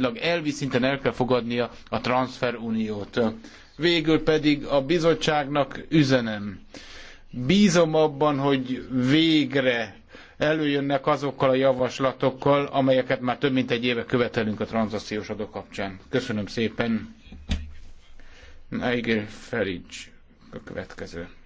gyakorlatilag elvi szinten el kell fogadnia a transferuniót. Végül pedig a bizottságnak üzenem. Bízom abban, hogy végre előjönnek azokkal a javaslatokkal, amelyeket már több mint egy éve követelünk a tranzakciós adó kapcsán. Köszönöm szépen. Nigel Farage a következő.